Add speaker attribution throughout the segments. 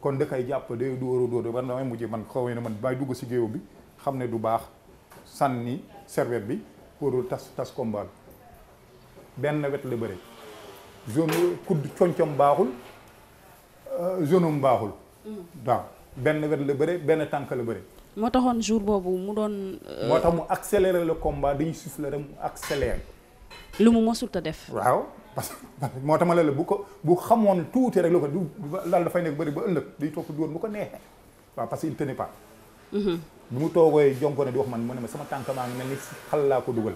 Speaker 1: kon ay koy jàpp day dóor dóor ba damay mujj man xawee na man may dugg si géew bi xam ne du baax sànni serviette bi pour tas tas combat bi benn wet la bëre zone kudd concom baaxul euh, zone am baaxul mm. waaw benn wet la bëre benn tànk la bëre
Speaker 2: moo taxoon jour boobu mu doon euh, moo tax mu
Speaker 1: accéléré la combat dañu soufflé rek mu accéléré
Speaker 2: lu mu mosulta
Speaker 1: def. waaw parce que moo tax ma ne la bu ko bu xamoon tuuti rek lu ko du lal dafay nekk bëri ba ëllëg day topp dóor bu ko neexee waaw parce il tenait pas. Mhm. bi mu toogooy jonkone di wax man mu ne ma sama tànk maa ngi mel ni xal ko dugal.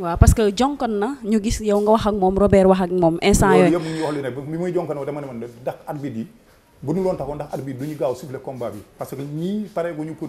Speaker 2: waaw parce jonkon na ñu gis yow nga wax ak moom Robert wax ak moom instant yooyu yëpp ñu
Speaker 1: wax li ne bi muy jonkon dama ne man ndax arbitre yi bu ñu loon taxoon ndax arbitre du ñu gaaw siffler combat bi parce que ñii pare gu ñu pour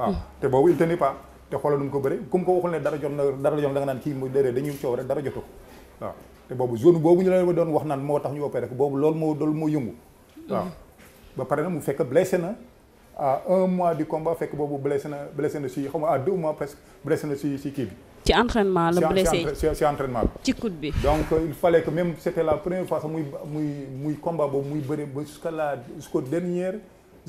Speaker 1: Hmm. il tenait pas ne à un mois du combat mois blessé donc il fallait que même c'était la première fois combat jusqu'à la dernière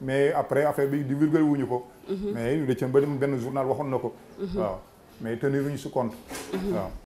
Speaker 1: mais après affaire bi divulgué wuñu ko. Mhm. mais lu de ci mu benn journal waxoon na ko. Mhm. waaw mais tenir ñu su compte mhm. waaw.